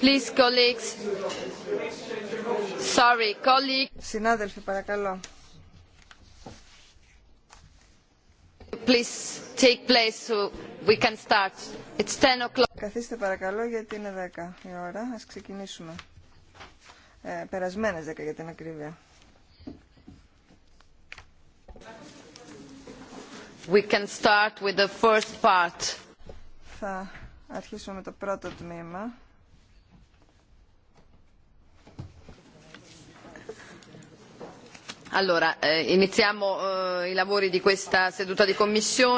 Please, colleagues. Sorry, colleague. Συνάδελφοι, παρακαλώ. Please take place so we can start. It's 10 o'clock. Καθίστε παρακαλώ γιατί είναι 10 η ώρα. Ας ξεκινήσουμε. Ε, περασμένες 10 για την ακρίβεια. We can start with the first part. Θα αρχίσουμε με το πρώτο τμήμα. Allora, ε, iniziamo ε, i lavori di questa seduta di commissione.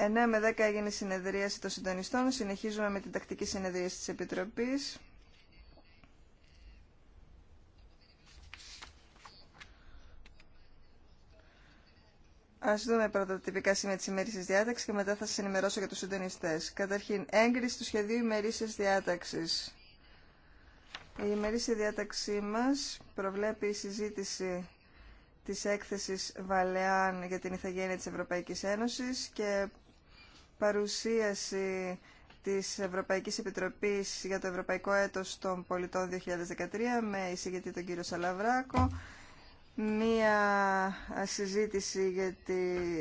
9 με 10 έγινε η συνεδρίαση των συντονιστών. Συνεχίζουμε με την τακτική συνεδρίαση της Επιτροπής. Α δούμε πρώτα τα τυπικά σημεία τη ημερήσια διάταξη και μετά θα σα ενημερώσω για του συντονιστέ. Καταρχήν, έγκριση του σχεδίου ημερήσια διάταξη. Η ημερήσια διάταξή μα προβλέπει η συζήτηση τη έκθεση Βαλεάν για την ηθαγένεια τη Ευρωπαϊκή Ένωση και παρουσίαση της Ευρωπαϊκής Επιτροπής για το Ευρωπαϊκό Έτος των Πολιτών 2013 με εισηγητή τον κύριο Σαλαβράκο μία συζήτηση για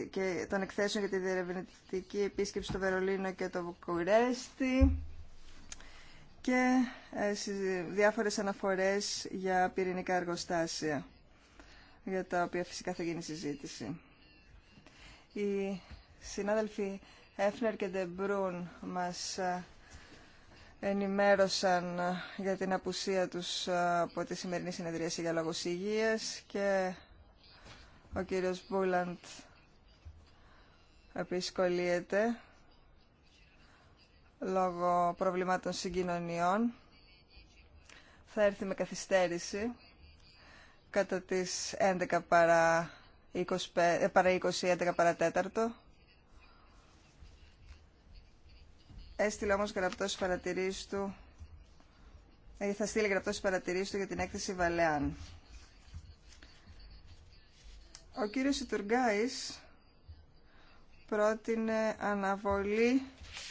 και των εκθέσεων για τη διερευνητική επίσκεψη στο Βερολίνο και το Βουκουρέστι και ε, διάφορες αναφορές για πυρηνικά εργοστάσια, για τα οποία φυσικά θα γίνει συζήτηση. Οι συνάδελφοι Έφνερ και Ντεμπρούν μας ε, ενημέρωσαν ε, για την απουσία τους ε, από τη σημερινή συνεδρίαση για λόγους υγείας και ο κύριος Μπούλαντ επισκολίεται λόγω προβλημάτων συγκοινωνιών. Θα έρθει με καθυστέρηση κατά τις 11 παρά 20, ε, παρά 20 11 παρά 4 Έστειλε όμω γραπτό παρατηρήσει του, ε, θα στείλει γραπτό παρατηρήσει του για την έκθεση Βαλεάν. Ο κύριο Ιτουργκάη πρότεινε αναβολή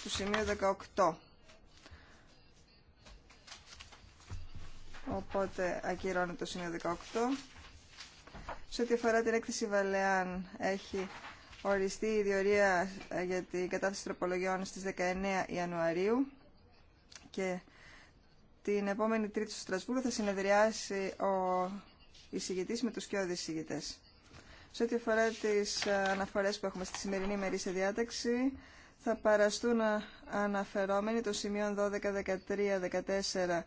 του σημείου 18. Οπότε ακυρώνεται το σημείο 18. Σε ό,τι αφορά την έκθεση Βαλεάν έχει οριστεί η διορία ε, για την κατάθεση τροπολογιών στις 19 Ιανουαρίου και την επόμενη Τρίτη στο Στρασβούργο θα συνεδριάσει ο εισηγητής με τους και εισηγητές. Σε ό,τι αφορά τις ε, αναφορές που έχουμε στη σημερινή σε διάταξη, θα παραστούν αναφερόμενοι το σημείο 12, 13, 14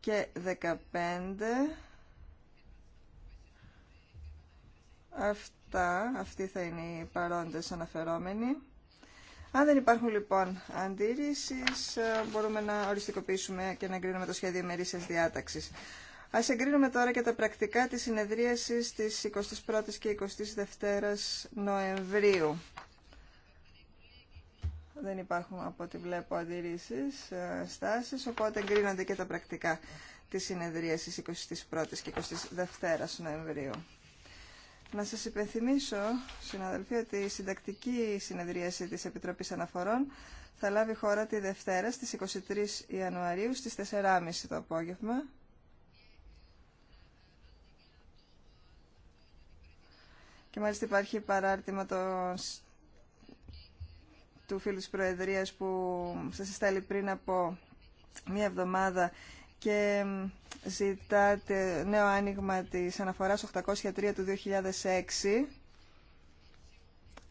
και 15. 7, αυτοί θα είναι οι παρόντες αναφερόμενοι. Αν δεν υπάρχουν λοιπόν αντίρρησεις, ε, μπορούμε να οριστικοποιήσουμε και να εγκρίνουμε το σχέδιο ημερήσιας διάταξης. Ας εγκρίνουμε τώρα και τα πρακτικά της συνεδρίασης της 21ης και 22ης Νοεμβρίου. Δεν υπάρχουν από ό,τι βλέπω αντιρρήσεις, ε, στάσεις, οπότε εγκρίνονται και τα πρακτικά της συνεδρίασης 21ης και 22ης Νοεμβρίου. Να σας υπενθυμίσω, συναδελφοί, ότι η συντακτική συνεδρίαση της Επιτροπής Αναφορών θα λάβει χώρα τη Δευτέρα στις 23 Ιανουαρίου στις 4.30 το απόγευμα. Και μάλιστα υπάρχει παράρτημα το του φίλου της Προεδρίας που σας εστάλει πριν από μία εβδομάδα και ζητάτε νέο άνοιγμα της αναφοράς 803 του 2006.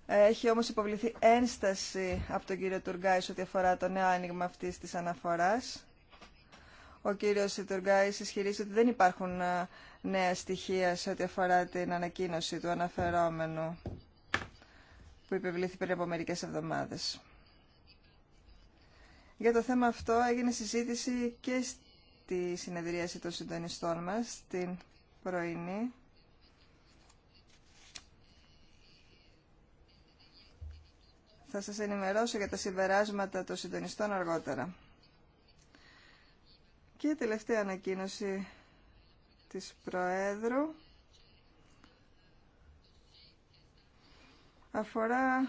Έχει όμως υποβληθεί ένσταση από τον κύριο Τουργκάης ό,τι αφορά το νέο άνοιγμα αυτής της αναφοράς. Ο κύριος Τουργκάης ισχυρίζει ότι δεν υπάρχουν νέα στοιχεία σε ό,τι αφορά την ανακοίνωση του αναφερόμενου που υπευλήθη πριν από μερικές εβδομάδες. Για το θέμα αυτό έγινε συζήτηση και τη συνεδρίαση των συντονιστών μας, την πρωινή. Θα σας ενημερώσω για τα συμπεράσματα των συντονιστών αργότερα. Και η τελευταία ανακοίνωση της Προέδρου αφορά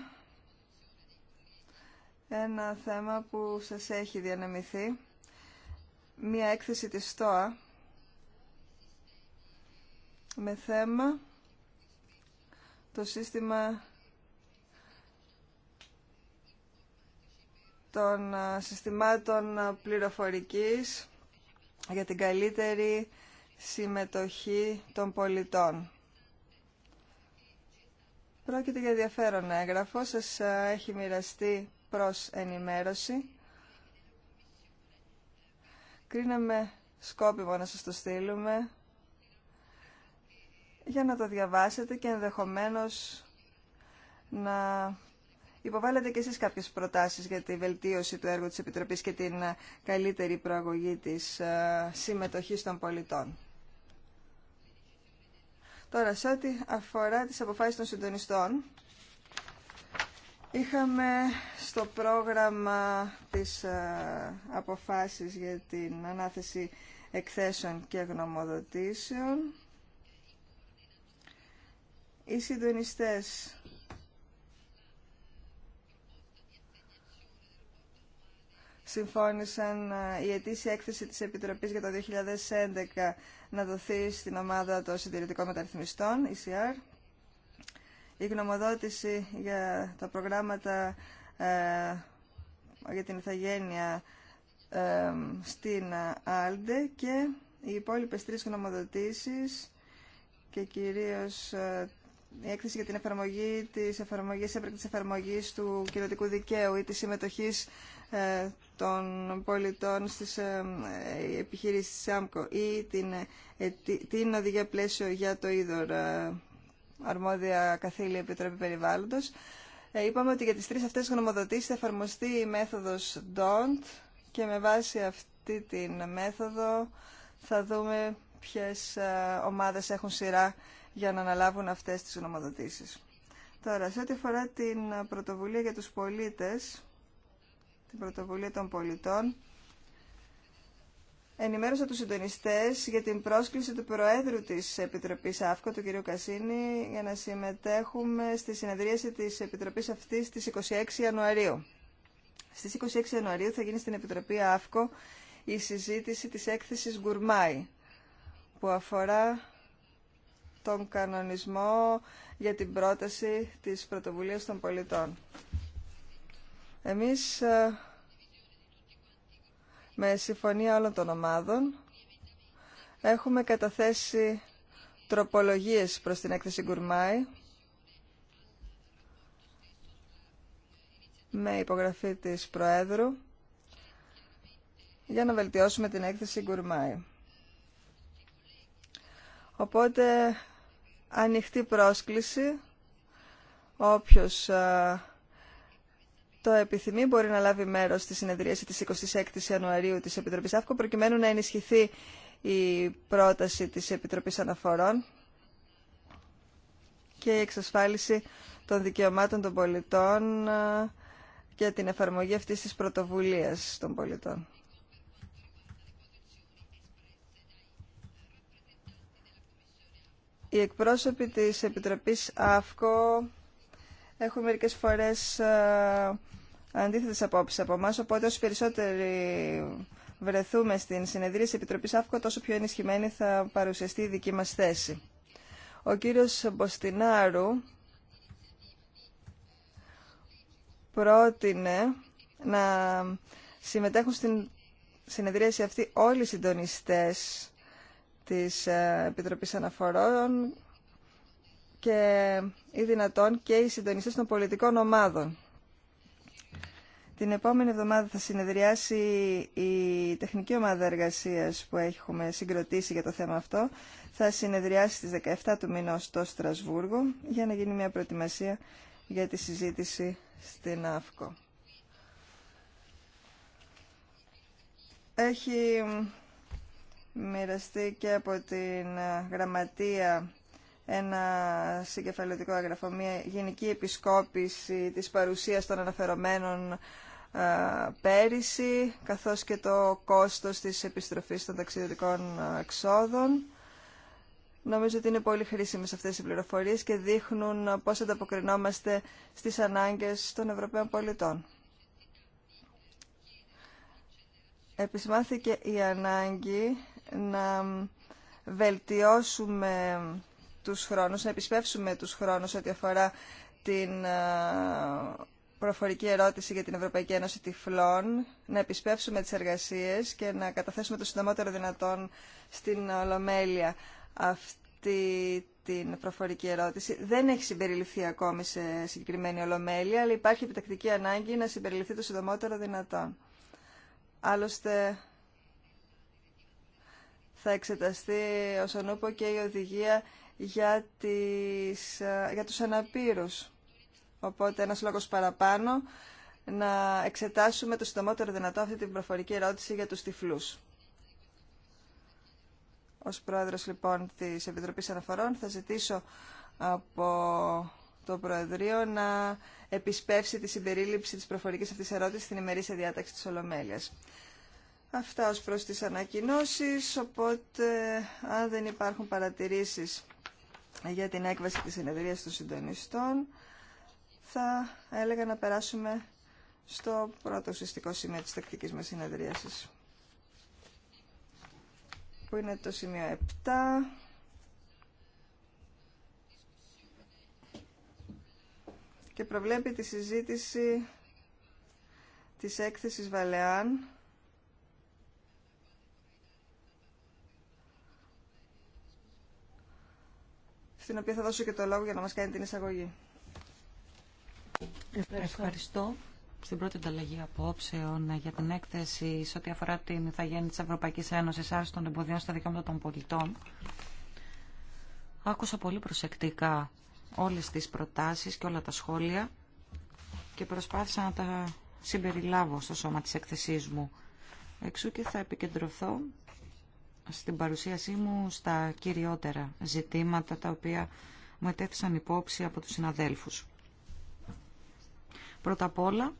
ένα θέμα που σας έχει διανεμηθεί μία έκθεση της ΣΤΟΑ με θέμα το σύστημα των συστημάτων πληροφορικής για την καλύτερη συμμετοχή των πολιτών. Πρόκειται για ενδιαφέρον έγγραφο, σας έχει μοιραστεί προς ενημέρωση κρίναμε σκόπιμο να σας το στείλουμε για να το διαβάσετε και ενδεχομένως να υποβάλλετε και εσείς κάποιες προτάσεις για τη βελτίωση του έργου της Επιτροπής και την καλύτερη προαγωγή της ε, συμμετοχής των πολιτών. Τώρα, σε ό,τι αφορά τις αποφάσεις των συντονιστών, Είχαμε στο πρόγραμμα της ε, αποφάσεις για την ανάθεση εκθέσεων και γνωμοδοτήσεων. Οι συντονιστές συμφώνησαν ε, η ετήσια έκθεση της Επιτροπής για το 2011 να δοθεί στην ομάδα των συντηρητικών μεταρρυθμιστών, ECR. Η γνωμοδότηση για τα προγράμματα ε, για την ηθαγένεια ε, στην ΑΛΔΕ και οι υπόλοιπες τρεις γνωμοδοτήσεις και κυρίως ε, η έκθεση για την εφαρμογή της εφαρμογής, έπρεπε εφαρμογής του κοινωτικού δικαίου ή της συμμετοχής των πολιτών στις επιχειρήσεις της ΣΑΜΚΟ ή την, την οδηγία πλαίσιο για το είδωρα αρμόδια καθήλια Επιτροπή Περιβάλλοντος, ε, είπαμε ότι για τις τρεις αυτές γνωμοδοτήσεις θα εφαρμοστεί η μέθοδος DONT και με βάση αυτή την μέθοδο θα δούμε ποιες ε, ομάδες έχουν σειρά για να αναλάβουν αυτές τις γνωμοδοτήσεις. Τώρα, σε ό,τι αφορά την πρωτοβουλία για τους πολίτες, την πρωτοβουλία των πολιτών, ενημέρωσα τους συντονιστές για την πρόσκληση του Προέδρου της Επιτροπής ΑΦΚΟ, του κ. Κασίνη, για να συμμετέχουμε στη συνεδρίαση της Επιτροπής αυτής στις 26 Ιανουαρίου. Στις 26 Ιανουαρίου θα γίνει στην Επιτροπή ΑΦΚΟ η συζήτηση της έκθεσης Γκουρμάη, που αφορά τον κανονισμό για την πρόταση της πρωτοβουλίας των πολιτών. Εμείς ε, με συμφωνία όλων των ομάδων, έχουμε καταθέσει τροπολογίες προς την έκθεση Γκουρμάη με υπογραφή της Προέδρου για να βελτιώσουμε την έκθεση Γκουρμάη. Οπότε, ανοιχτή πρόσκληση, όποιος το επιθυμεί μπορεί να λάβει μέρος στη συνεδρίαση της 26ης Ιανουαρίου της Επιτροπής ΑΦΚΟ προκειμένου να ενισχυθεί η πρόταση της Επιτροπής Αναφορών και η εξασφάλιση των δικαιωμάτων των πολιτών ε, και την εφαρμογή αυτής της πρωτοβουλίας των πολιτών. Οι εκπρόσωποι της Επιτροπής ΑΦΚΟ έχουν μερικέ φορές ε, αντίθετε απόψει από εμά, οπότε όσο περισσότεροι βρεθούμε στην συνεδρία της Επιτροπής ΑΦΚΟ, τόσο πιο ενισχυμένη θα παρουσιαστεί η δική μας θέση. Ο κύριος Μποστινάρου πρότεινε να συμμετέχουν στην συνεδρίαση αυτή όλοι οι συντονιστές της ε, Επιτροπής Αναφορών και ή δυνατόν και οι συντονιστές των πολιτικών ομάδων. Την επόμενη εβδομάδα θα συνεδριάσει η τεχνική ομάδα εργασίας που έχουμε συγκροτήσει για το θέμα αυτό. Θα συνεδριάσει στις 17 του μήνα στο Στρασβούργο για να γίνει μια προετοιμασία για τη συζήτηση στην ΑΦΚΟ. Έχει μοιραστεί και από την γραμματεία ένα συγκεφαλαιωτικό έγγραφο, μια γενική επισκόπηση της παρουσίας των αναφερομένων πέρυσι, καθώς και το κόστος της επιστροφής των ταξιδιωτικών εξόδων. Νομίζω ότι είναι πολύ χρήσιμες αυτές οι πληροφορίες και δείχνουν πώς ανταποκρινόμαστε στις ανάγκες των Ευρωπαίων πολιτών. Επισμάθηκε η ανάγκη να βελτιώσουμε τους χρόνους, να επισπεύσουμε τους χρόνους ό,τι αφορά την ε, προφορική ερώτηση για την Ευρωπαϊκή Ένωση Τυφλών, να επισπεύσουμε τις εργασίες και να καταθέσουμε το συντομότερο δυνατόν στην Ολομέλεια αυτή την προφορική ερώτηση. Δεν έχει συμπεριληφθεί ακόμη σε συγκεκριμένη Ολομέλεια, αλλά υπάρχει επιτακτική ανάγκη να συμπεριληφθεί το συντομότερο δυνατόν. Άλλωστε, θα εξεταστεί όσον ούπο και η οδηγία για, τις, ε, για τους αναπήρους. Οπότε ένας λόγος παραπάνω να εξετάσουμε το συντομότερο δυνατό αυτή την προφορική ερώτηση για τους τυφλούς. Ως πρόεδρος λοιπόν της Επιτροπής Αναφορών θα ζητήσω από το Προεδρείο να επισπεύσει τη συμπερίληψη της προφορικής αυτής ερώτησης στην σε διάταξη της Ολομέλειας. Αυτά ως προς τις ανακοινώσεις, οπότε αν δεν υπάρχουν παρατηρήσεις για την έκβαση της συνεδρίας των συντονιστών θα έλεγα να περάσουμε στο πρώτο ουσιαστικό σημείο της τακτικής μας συνεδρίασης που είναι το σημείο 7 και προβλέπει τη συζήτηση της έκθεσης Βαλεάν στην οποία θα δώσω και το λόγο για να μας κάνει την εισαγωγή. Ευχαριστώ. Στην πρώτη ανταλλαγή απόψεων ε, για την έκθεση σε ό,τι αφορά την ηθαγένεια της Ευρωπαϊκής Ένωσης άρση των εμποδιών στα δικαιώματα των πολιτών, άκουσα πολύ προσεκτικά όλες τις προτάσεις και όλα τα σχόλια και προσπάθησα να τα συμπεριλάβω στο σώμα της έκθεσής μου. Εξού και θα επικεντρωθώ στην παρουσίασή μου στα κυριότερα ζητήματα τα οποία μου ετέθησαν υπόψη από τους συναδέλφους. Πρώτα απ' όλα,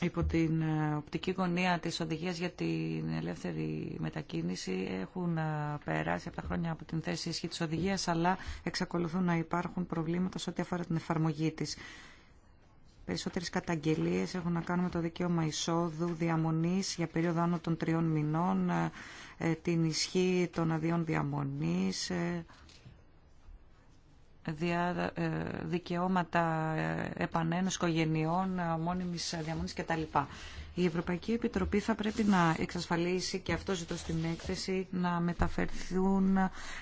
υπό την ε, οπτική γωνία της οδηγίας για την ελεύθερη μετακίνηση έχουν ε, περάσει από τα χρόνια από την θέση ισχύ της οδηγίας αλλά εξακολουθούν να υπάρχουν προβλήματα σε ό,τι αφορά την εφαρμογή της. Περισσότερες καταγγελίες έχουν να κάνουν με το δικαίωμα εισόδου, διαμονής για περίοδο άνω των τριών μηνών, ε, ε, την ισχύ των αδειών διαμονής, ε, δια, δικαιώματα επανένωση οικογενειών, μόνιμης διαμονής κτλ. Η Ευρωπαϊκή Επιτροπή θα πρέπει να εξασφαλίσει, και αυτό ζητώ στην έκθεση, να μεταφερθούν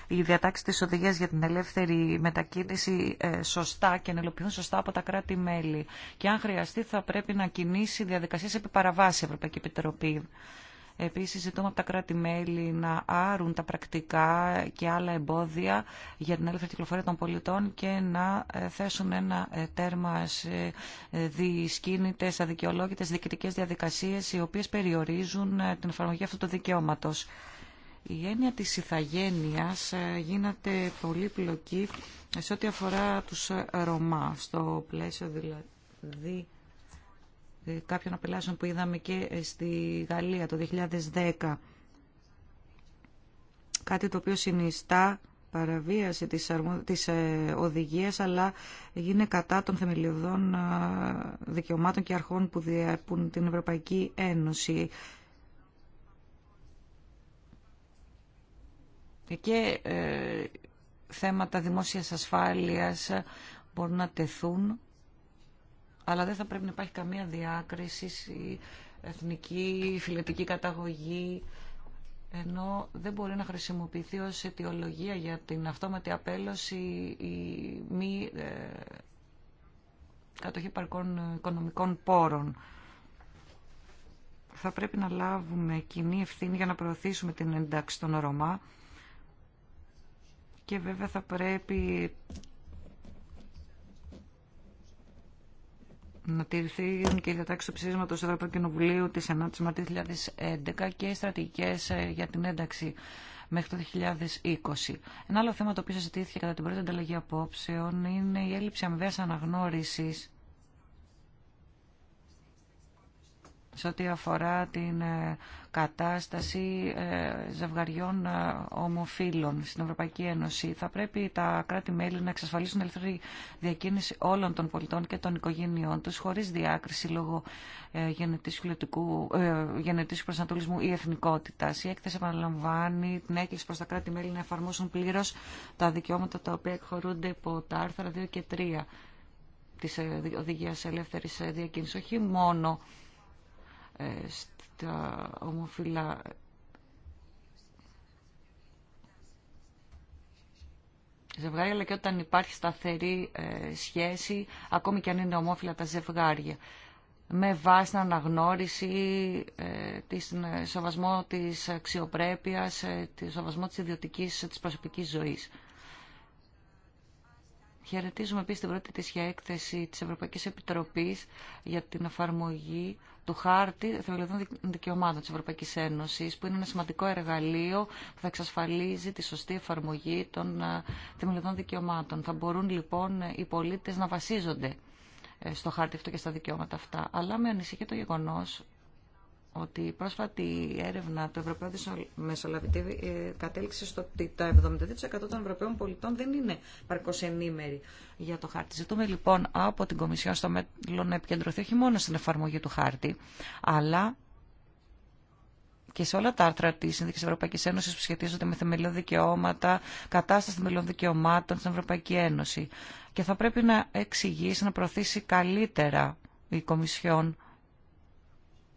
οι διατάξει τη οδηγία για την ελεύθερη μετακίνηση ε, σωστά και να ελοπιθούν σωστά από τα κράτη-μέλη. Και αν χρειαστεί, θα πρέπει να κινήσει διαδικασίε επί παραβάση η Ευρωπαϊκή Επιτροπή. Επίση, ζητούμε από τα κράτη-μέλη να άρουν τα πρακτικά και άλλα εμπόδια για την ελεύθερη κυκλοφορία των πολιτών και να ε, θέσουν ένα ε, τέρμα σε ε, δυσκίνητε, αδικαιολόγητες διοικητικέ διαδικασίες οι οποίες περιορίζουν την εφαρμογή αυτού του δικαιώματο. Η έννοια της ηθαγένειας γίνεται πολύπλοκη σε ό,τι αφορά τους Ρωμά, στο πλαίσιο δηλαδή ε, κάποιων απελάσεων που είδαμε και ε, στη Γαλλία το 2010. Κάτι το οποίο συνιστά παραβίαση της, αρμο... της ε, οδηγίας αλλά γίνεται κατά των θεμελιωδών δικαιωμάτων και αρχών που διέπουν την Ευρωπαϊκή Ένωση. Και θέματα δημόσιας ασφάλειας μπορούν να τεθούν αλλά δεν θα πρέπει να υπάρχει καμία διάκριση ή εθνική, φιλετική καταγωγή, ενώ δεν μπορεί να χρησιμοποιηθεί ως αιτιολογία για την αυτόματη απέλωση η μη ε, κατοχή παρκών οικονομικών πόρων. Θα πρέπει να λάβουμε κοινή ευθύνη για να προωθήσουμε την ένταξη των Ρωμά και βέβαια θα πρέπει να τηρηθεί και η διατάξη του ψήφισματο του Ευρωπαϊκού Κοινοβουλίου τη 9η Μαρτίου 2011 και οι στρατηγικέ ε, για την ένταξη μέχρι το 2020. Ένα άλλο θέμα το οποίο συζητήθηκε κατά την πρώτη ανταλλαγή απόψεων είναι η έλλειψη αμοιβαία αναγνώριση σε ό,τι αφορά την ε, κατάσταση ε, ζευγαριών ε, ομοφύλων στην Ευρωπαϊκή Ένωση. Θα πρέπει τα κράτη-μέλη να εξασφαλίσουν ελεύθερη διακίνηση όλων των πολιτών και των οικογένειών τους χωρίς διάκριση λόγω γενετήσου προσανατολισμού ή εθνικότητας. Η έκθεση επαναλαμβάνει την έκκληση προς τα κράτη-μέλη να εφαρμόσουν πλήρως τα δικαιώματα τα οποία εκχωρούνται από τα άρθρα 2 και 3 της οδηγίας ελεύθερης διακίνησης, όχι μόνο ε, στα ομοφυλά ζευγάρια, αλλά και όταν υπάρχει σταθερή ε, σχέση, ακόμη και αν είναι ομόφυλα τα ζευγάρια με βάση την αναγνώριση, ε, ε σεβασμό της αξιοπρέπειας, ε, σεβασμό της ιδιωτικής, της προσωπικής ζωής. Χαιρετίζουμε επίσης την πρώτη της έκθεση της Ευρωπαϊκής Επιτροπής για την εφαρμογή του χάρτη θεμελιωδών δικαιωμάτων της Ευρωπαϊκή Ένωσης, που είναι ένα σημαντικό εργαλείο που θα εξασφαλίζει τη σωστή εφαρμογή των ε, θεμελιωδών δικαιωμάτων. Θα μπορούν λοιπόν ε, οι πολίτες να βασίζονται ε, στο χάρτη αυτό και στα δικαιώματα αυτά. Αλλά με ανησυχεί το γεγονός ότι η πρόσφατη έρευνα του Ευρωπαίου Μεσολαβητή ε, κατέληξε στο ότι τα 72% των Ευρωπαίων πολιτών δεν είναι παρκώς ενήμεροι για το χάρτη. Ζητούμε λοιπόν από την Κομισιόν στο μέλλον να επικεντρωθεί όχι μόνο στην εφαρμογή του χάρτη, αλλά και σε όλα τα άρθρα τη Σύνδεξη Ευρωπαϊκή Ένωση που σχετίζονται με θεμελιώδη δικαιώματα, κατάσταση θεμελιών δικαιωμάτων στην Ευρωπαϊκή Ένωση. Και θα πρέπει να εξηγήσει, να προωθήσει καλύτερα η Κομισιόν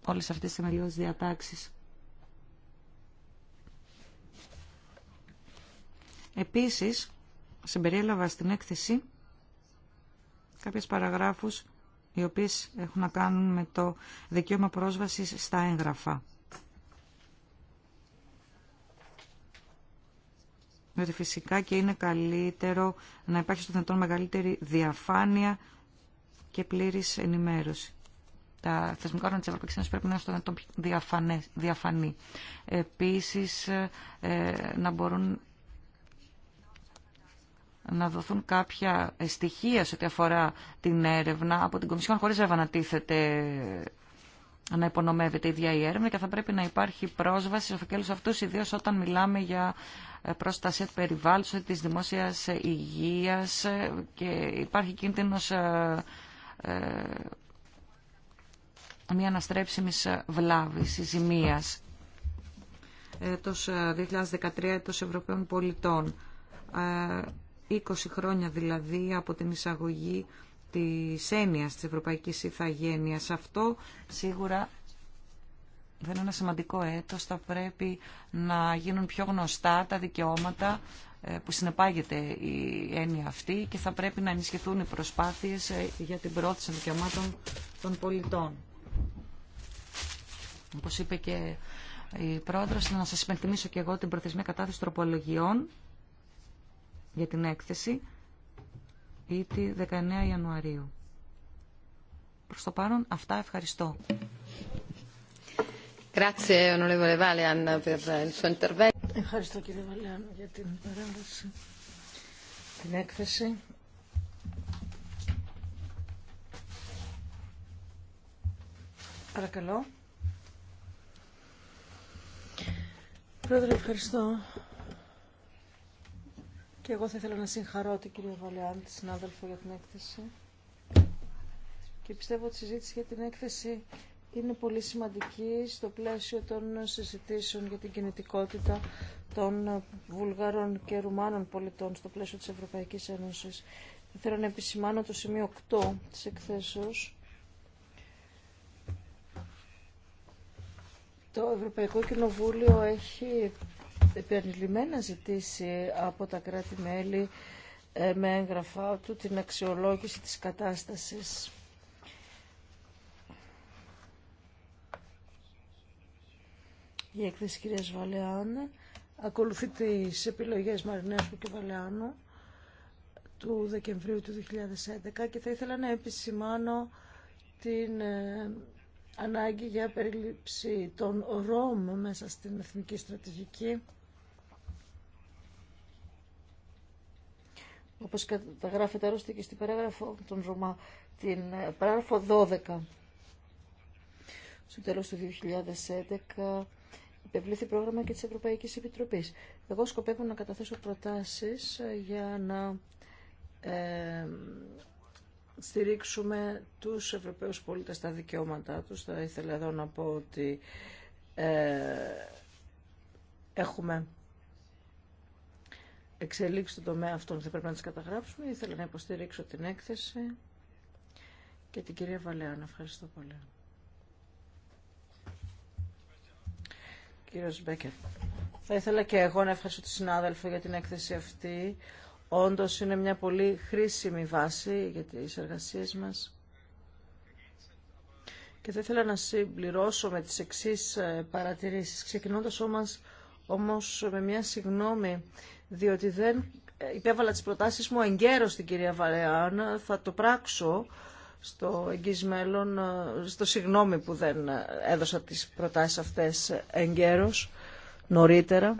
όλες αυτές τις μεριώδεις διατάξεις. Επίσης, συμπεριέλαβα στην έκθεση κάποιες παραγράφους οι οποίες έχουν να κάνουν με το δικαίωμα πρόσβασης στα έγγραφα. Διότι φυσικά και είναι καλύτερο να υπάρχει στον δυνατόν μεγαλύτερη διαφάνεια και πλήρης ενημέρωση τα θεσμικά όργανα τη Ευρωπαϊκή Ένωση πρέπει να είναι στο δυνατόν πιο διαφανή. Επίση, ε, να μπορούν να δοθούν κάποια στοιχεία σε ό,τι αφορά την έρευνα από την Κομισιόν χωρίς να ανατίθεται, να υπονομεύεται η ίδια η έρευνα και θα πρέπει να υπάρχει πρόσβαση σε φακέλους αυτούς, ιδίως όταν μιλάμε για ε, προστασία του περιβάλλοντος, της δημόσιας ε, υγείας και υπάρχει κίνδυνος μια βλάβη, η ζημία έτο 2013, έτο Ευρωπαίων πολιτών. 20 ε, χρόνια δηλαδή από την εισαγωγή της έννοιας της Ευρωπαϊκής Ιθαγένειας. Αυτό σίγουρα δεν είναι ένα σημαντικό έτος. Θα πρέπει να γίνουν πιο γνωστά τα δικαιώματα ε, που συνεπάγεται η έννοια αυτή και θα πρέπει να ενισχυθούν οι προσπάθειες ε, για την πρόθεση των δικαιωμάτων των πολιτών. Όπω είπε και η πρόεδρος, να σας υπενθυμίσω και εγώ την προθεσμία κατάθεση τροπολογιών για την έκθεση ή τη 19 Ιανουαρίου. Προς το παρόν, αυτά ευχαριστώ. Ευχαριστώ κύριε Βαλέαν για την παρέμβαση, την έκθεση. Παρακαλώ. Πρόεδρε, ευχαριστώ. Και εγώ θα ήθελα να συγχαρώ την κυρία Βαλεάν, τη συνάδελφο, για την έκθεση. Και πιστεύω ότι η συζήτηση για την έκθεση είναι πολύ σημαντική στο πλαίσιο των συζητήσεων για την κινητικότητα των Βουλγαρών και Ρουμάνων πολιτών στο πλαίσιο της Ευρωπαϊκής Ένωσης. ήθελα να επισημάνω το σημείο 8 της εκθέσεως Το Ευρωπαϊκό Κοινοβούλιο έχει επανειλημμένα ζητήσει από τα κράτη-μέλη ε, με έγγραφά του την αξιολόγηση της κατάστασης. Η έκθεση κυρίας Βαλεάν ακολουθεί τις επιλογές Μαρινέσκου και Βαλεάνου του Δεκεμβρίου του 2011 και θα ήθελα να επισημάνω την ε, ανάγκη για περίληψη των ΡΟΜ μέσα στην εθνική στρατηγική. Όπως καταγράφεται αρρώστη και στην παράγραφο των Ρωμά, την ε, παράγραφο 12. Στο τέλος του 2011 υπευλήθη πρόγραμμα και της Ευρωπαϊκής Επιτροπής. Εγώ σκοπεύω να καταθέσω προτάσεις ε, για να ε, στηρίξουμε τους Ευρωπαίους πολίτες στα δικαιώματά τους. Θα ήθελα εδώ να πω ότι ε, έχουμε εξελίξει το τομέα αυτόν, θα πρέπει να τις καταγράψουμε. Ήθελα να υποστηρίξω την έκθεση και την κυρία Βαλέων. Ευχαριστώ πολύ. Κύριος Μπέκερ. Θα ήθελα και εγώ να ευχαριστώ τη συνάδελφο για την έκθεση αυτή όντως είναι μια πολύ χρήσιμη βάση για τις εργασίες μας. Και θα ήθελα να συμπληρώσω με τις εξής ε, παρατηρήσεις, ξεκινώντας όμως, όμως με μια συγγνώμη, διότι δεν ε, υπέβαλα τις προτάσεις μου εγκαίρως στην κυρία Βαρεάν, θα το πράξω στο εγγύς μέλλον, ε, στο συγνώμη που δεν έδωσα τις προτάσεις αυτές εγκαίρως, νωρίτερα.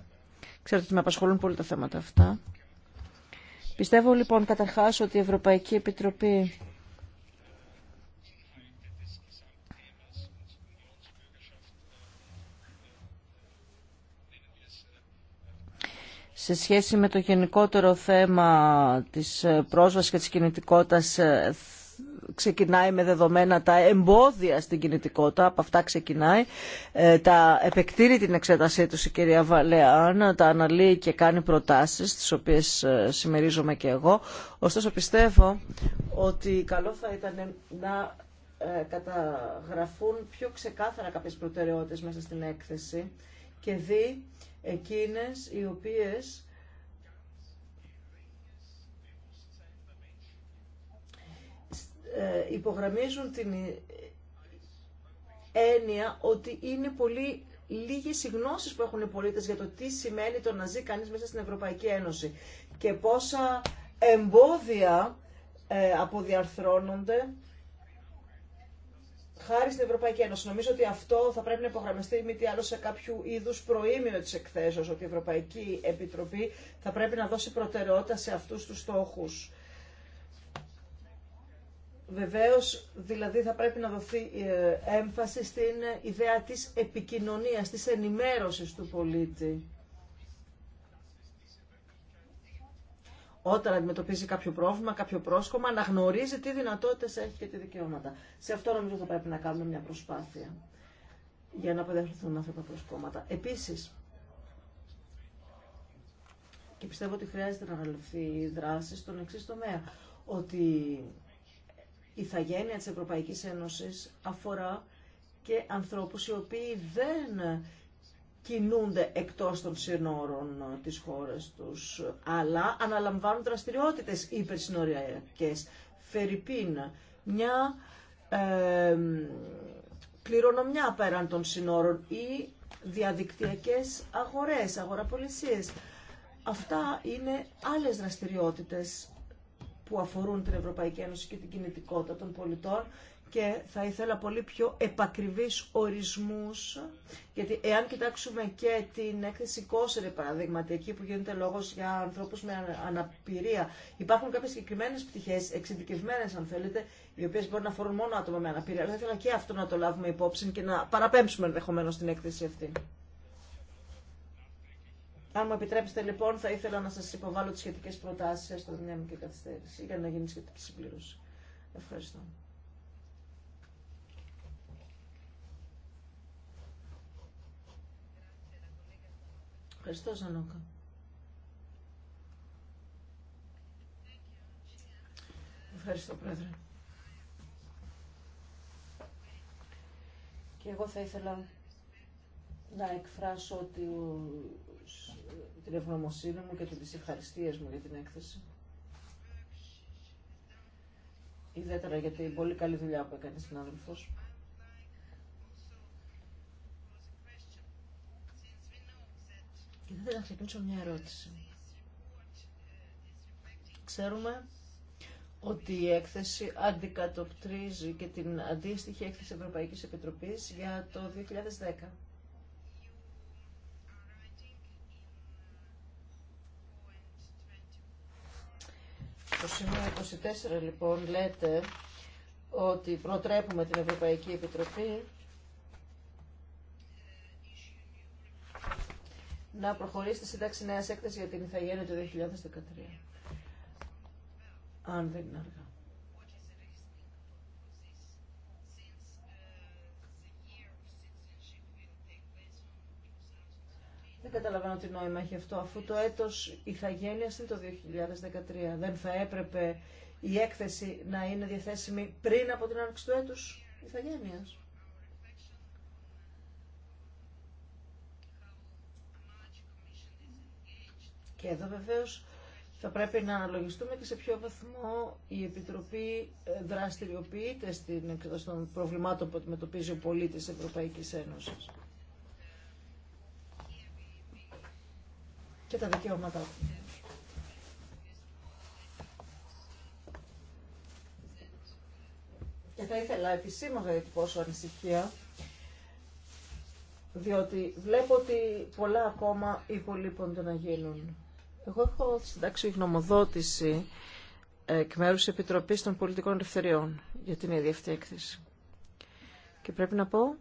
Ξέρετε ότι με απασχολούν πολύ τα θέματα αυτά. Πιστεύω λοιπόν καταρχάς ότι η Ευρωπαϊκή Επιτροπή σε σχέση με το γενικότερο θέμα της πρόσβασης και της κινητικότητας ξεκινάει με δεδομένα τα εμπόδια στην κινητικότητα, από αυτά ξεκινάει, ε, τα επεκτείνει την εξέτασή του η κυρία Βαλέαν, τα αναλύει και κάνει προτάσεις, τις οποίες ε, συμμερίζομαι και εγώ. Ωστόσο πιστεύω ότι καλό θα ήταν να ε, καταγραφούν πιο ξεκάθαρα κάποιες προτεραιότητες μέσα στην έκθεση και δει εκείνες οι οποίες Ε, υπογραμμίζουν την έννοια ότι είναι πολύ λίγες οι γνώσεις που έχουν οι πολίτες για το τι σημαίνει το να ζει κανείς μέσα στην Ευρωπαϊκή Ένωση και πόσα εμπόδια ε, αποδιαρθρώνονται χάρη στην Ευρωπαϊκή Ένωση. Νομίζω ότι αυτό θα πρέπει να υπογραμμιστεί μη τι άλλο σε κάποιο είδου προήμιο τη εκθέσεω, ότι η Ευρωπαϊκή Επιτροπή θα πρέπει να δώσει προτεραιότητα σε αυτού του στόχου. Βεβαίως, δηλαδή θα πρέπει να δοθεί ε, έμφαση στην ιδέα της επικοινωνίας, της ενημέρωσης του πολίτη. Όταν αντιμετωπίζει κάποιο πρόβλημα, κάποιο πρόσκομα, να γνωρίζει τι δυνατότητες έχει και τι δικαιώματα. Σε αυτό νομίζω θα πρέπει να κάνουμε μια προσπάθεια για να αποδεχθούν αυτά τα προσκόμματα. Επίσης, και πιστεύω ότι χρειάζεται να αναλυθεί η δράση στον εξή τομέα, ότι η ηθαγένεια της Ευρωπαϊκής Ένωσης αφορά και ανθρώπους οι οποίοι δεν κινούνται εκτός των συνόρων της χώρας τους, αλλά αναλαμβάνουν δραστηριότητες υπερσυνοριακές. Φερρυπίν, μια ε, κληρονομιά πέραν των συνόρων ή διαδικτυακές αγορές, αγοραπολισίες. Αυτά είναι άλλες δραστηριότητες που αφορούν την Ευρωπαϊκή Ένωση και την κινητικότητα των πολιτών και θα ήθελα πολύ πιο επακριβείς ορισμούς, γιατί εάν κοιτάξουμε και την έκθεση Κόσερε παραδείγματι, εκεί που γίνεται λόγος για ανθρώπους με αναπηρία, υπάρχουν κάποιες συγκεκριμένε πτυχές, εξειδικευμένες αν θέλετε, οι οποίες μπορεί να αφορούν μόνο άτομα με αναπηρία, αλλά θα ήθελα και αυτό να το λάβουμε υπόψη και να παραπέμψουμε ενδεχομένω την έκθεση αυτή. Αν μου επιτρέψετε λοιπόν, θα ήθελα να σας υποβάλω τις σχετικές προτάσεις, έστω μια μικρή καθυστέρηση, για να γίνει σχετική συμπλήρωση. Ευχαριστώ. Ευχαριστώ, Ζανόκα. Ευχαριστώ, Πρόεδρε. Και εγώ θα ήθελα να εκφράσω ο, την ευγνωμοσύνη μου και τις ευχαριστίες μου για την έκθεση. Ιδιαίτερα για την πολύ καλή δουλειά που έκανε συνάδελφος. Και θα ήθελα να ξεκινήσω μια ερώτηση. Ξέρουμε ότι η έκθεση αντικατοπτρίζει και την αντίστοιχη έκθεση Ευρωπαϊκής Επιτροπής για το 2010. Στο σημείο 24 λοιπόν λέτε ότι προτρέπουμε την Ευρωπαϊκή Επιτροπή να προχωρήσει στη σύνταξη νέα έκθεση για την Ιθαγένεια του 2013. Αν δεν είναι καταλαβαίνω τι νόημα έχει αυτό, αφού το έτος ηθαγένειας είναι το 2013. Δεν θα έπρεπε η έκθεση να είναι διαθέσιμη πριν από την άνοιξη του έτους ηθαγένειας. Και εδώ βεβαίως θα πρέπει να αναλογιστούμε και σε ποιο βαθμό η Επιτροπή ε, δραστηριοποιείται στην εκδοση των προβλημάτων που αντιμετωπίζει ο πολίτης της Ευρωπαϊκής Ένωσης. και τα δικαιώματά του. Και θα ήθελα επισήμω να διατυπώσω ανησυχία, διότι βλέπω ότι πολλά ακόμα υπολείπονται να γίνουν. Εγώ έχω συντάξει γνωμοδότηση εκ μέρου τη Επιτροπή των Πολιτικών Ελευθεριών για την ίδια αυτή έκθεση. Και πρέπει να πω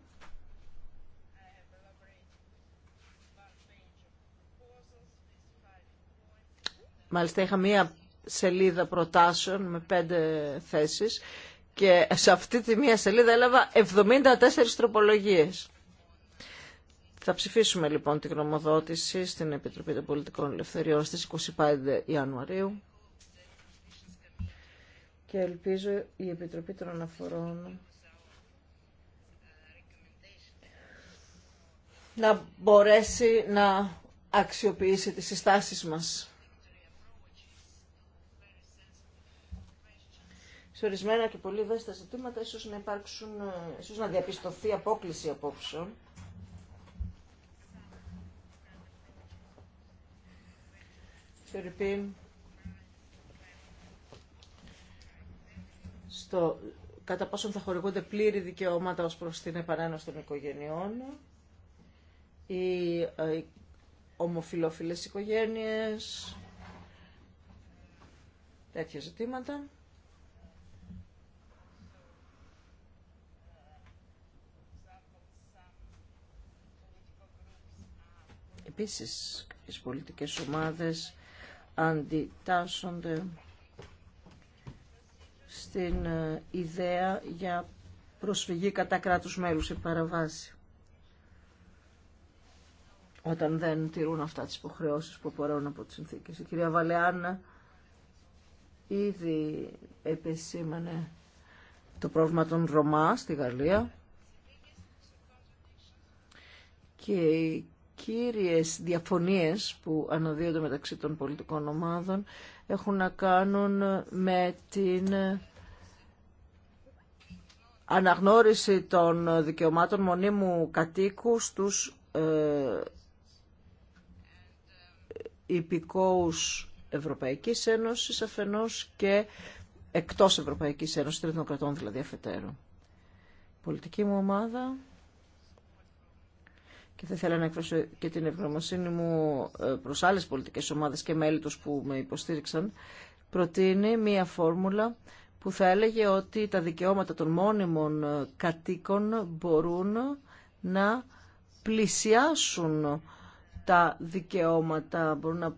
Μάλιστα είχα μία σελίδα προτάσεων με πέντε θέσεις και σε αυτή τη μία σελίδα έλαβα 74 τροπολογίες. Θα ψηφίσουμε λοιπόν την γνωμοδότηση στην Επιτροπή των Πολιτικών Ελευθεριών στις 25 Ιανουαρίου και ελπίζω η Επιτροπή των Αναφορών να μπορέσει να αξιοποιήσει τις συστάσεις μας. σε ορισμένα και πολύ ευαίσθητα ζητήματα ίσως να υπάρξουν, ε, ίσως να διαπιστωθεί απόκληση απόψεων. στο κατά πόσον θα χορηγούνται πλήρη δικαιώματα ως προς την επανένωση των οικογενειών, οι ε, ομοφιλόφιλες οικογένειες, τέτοια ζητήματα. Επίσης, κάποιες πολιτικές ομάδες αντιτάσσονται στην ε, ιδέα για προσφυγή κατά κράτους μέλους σε παραβάση όταν δεν τηρούν αυτά τις υποχρεώσεις που απορρέουν από τις συνθήκες. Η κυρία Βαλεάννα ήδη επεσήμανε το πρόβλημα των Ρωμά στη Γαλλία και κύριες διαφωνίες που αναδύονται μεταξύ των πολιτικών ομάδων έχουν να κάνουν με την αναγνώριση των δικαιωμάτων μονίμου κατοίκου στους ε, υπηκόους Ευρωπαϊκής Ένωσης αφενός και εκτός Ευρωπαϊκής Ένωσης, τρίτων κρατών δηλαδή αφετέρου. πολιτική μου ομάδα και θα ήθελα να εκφράσω και την ευγνωμοσύνη μου ε, προς άλλες πολιτικές ομάδες και μέλη τους που με υποστήριξαν, προτείνει μία φόρμουλα που θα έλεγε ότι τα δικαιώματα των μόνιμων ε, κατοίκων μπορούν να πλησιάσουν τα δικαιώματα, μπορούν να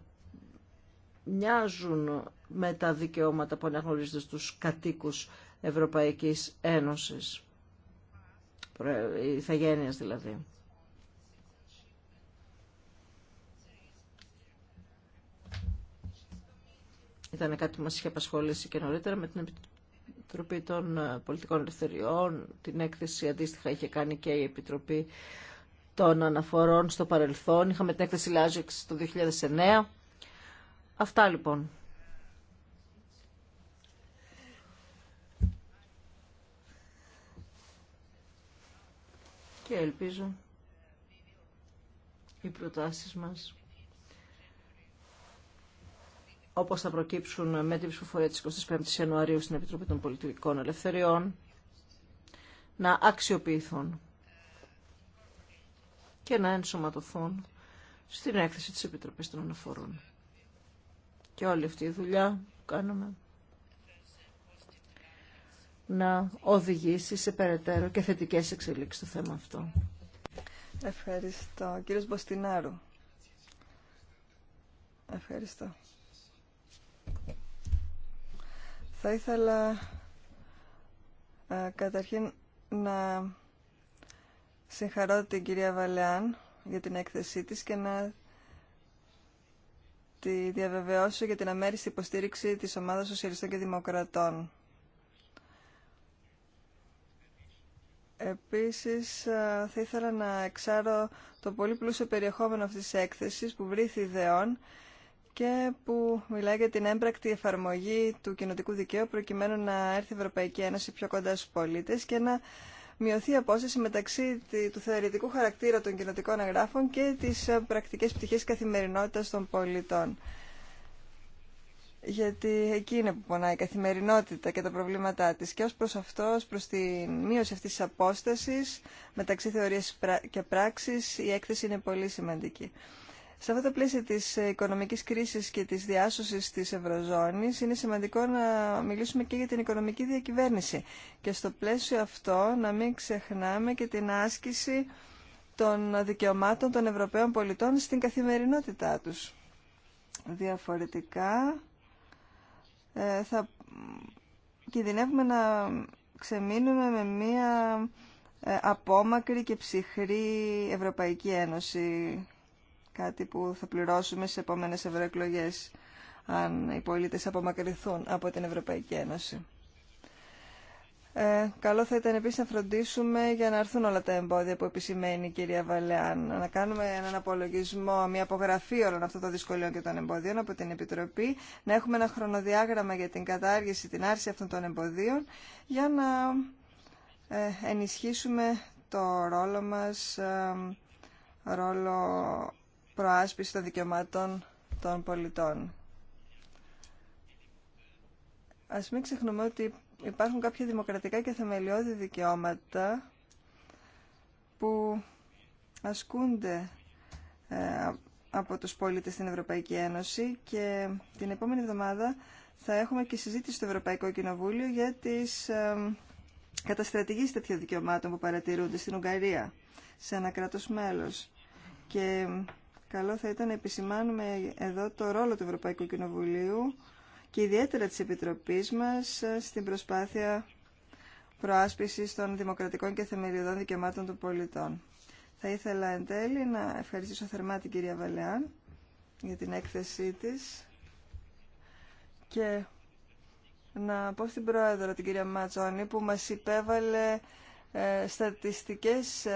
μοιάζουν με τα δικαιώματα που αναγνωρίζονται στους κατοίκους Ευρωπαϊκής Ένωσης, ηθαγένειας δηλαδή. Ήταν κάτι που μας είχε απασχολήσει και νωρίτερα με την Επιτροπή των ε, Πολιτικών Ελευθεριών. Την έκθεση αντίστοιχα είχε κάνει και η Επιτροπή των Αναφορών στο παρελθόν. Είχαμε την έκθεση Λάζιξ το 2009. Αυτά λοιπόν. Και ελπίζω οι προτάσεις μας όπως θα προκύψουν με την ψηφοφορία της 25ης Ιανουαρίου στην Επιτροπή των Πολιτικών Ελευθεριών, να αξιοποιηθούν και να ενσωματωθούν στην έκθεση της Επιτροπής των Αναφορών. Και όλη αυτή η δουλειά που κάνουμε να οδηγήσει σε περαιτέρω και θετικές εξελίξεις στο θέμα αυτό. Ευχαριστώ. Κύριος Μποστινάρου. Ευχαριστώ. Θα ήθελα ε, καταρχήν να συγχαρώ την κυρία Βαλεάν για την έκθεσή της και να τη διαβεβαιώσω για την αμέριστη υποστήριξη της ομάδας Σοσιαλιστών και Δημοκρατών. Επίσης, ε, θα ήθελα να εξάρω το πολύ πλούσιο περιεχόμενο αυτής της έκθεσης που βρήθη ιδεών και που μιλάει για την έμπρακτη εφαρμογή του κοινοτικού δικαίου προκειμένου να έρθει η Ευρωπαϊκή Ένωση πιο κοντά στους πολίτες και να μειωθεί η απόσταση μεταξύ του θεωρητικού χαρακτήρα των κοινοτικών εγγράφων και τις ε, πρακτικές πτυχές καθημερινότητας των πολιτών. Γιατί εκεί είναι που πονάει η καθημερινότητα και τα προβλήματά της. Και ως προς αυτό, ως προς τη μείωση αυτής της απόστασης μεταξύ θεωρίας και πράξης, η έκθεση είναι πολύ σημαντική. Σε αυτό το πλαίσιο της ε, οικονομικής κρίσης και της διάσωσης της Ευρωζώνης είναι σημαντικό να μιλήσουμε και για την οικονομική διακυβέρνηση και στο πλαίσιο αυτό να μην ξεχνάμε και την άσκηση των δικαιωμάτων των Ευρωπαίων πολιτών στην καθημερινότητά τους. Διαφορετικά ε, θα κινδυνεύουμε να ξεμείνουμε με μία ε, απόμακρη και ψυχρή Ευρωπαϊκή Ένωση κάτι που θα πληρώσουμε σε επόμενες ευρωεκλογέ αν οι πολίτες απομακρυνθούν από την Ευρωπαϊκή Ένωση. Ε, καλό θα ήταν επίσης να φροντίσουμε για να έρθουν όλα τα εμπόδια που επισημαίνει η κυρία Βαλεάν. Να κάνουμε έναν απολογισμό, μια απογραφή όλων αυτών των δυσκολιών και των εμποδίων από την Επιτροπή. Να έχουμε ένα χρονοδιάγραμμα για την κατάργηση, την άρση αυτών των εμποδίων για να ε, ενισχύσουμε το ρόλο μας, ε, ρόλο προάσπιση των δικαιωμάτων των πολιτών. Ας μην ξεχνούμε ότι υπάρχουν κάποια δημοκρατικά και θεμελιώδη δικαιώματα που ασκούνται ε, από τους πολίτες στην Ευρωπαϊκή Ένωση και την επόμενη εβδομάδα θα έχουμε και συζήτηση στο Ευρωπαϊκό Κοινοβούλιο για τις ε, καταστρατηγίες τέτοιων δικαιωμάτων που παρατηρούνται στην Ουγγαρία σε ένα κράτος μέλος. Και καλό θα ήταν να επισημάνουμε εδώ το ρόλο του Ευρωπαϊκού Κοινοβουλίου και ιδιαίτερα της Επιτροπής μας στην προσπάθεια προάσπισης των δημοκρατικών και θεμελιωδών δικαιωμάτων των πολιτών. Θα ήθελα εν τέλει να ευχαριστήσω θερμά την κυρία Βαλεάν για την έκθεσή της και να πω στην Πρόεδρο την κυρία Ματζόνη που μας υπέβαλε ε, στατιστικές ε,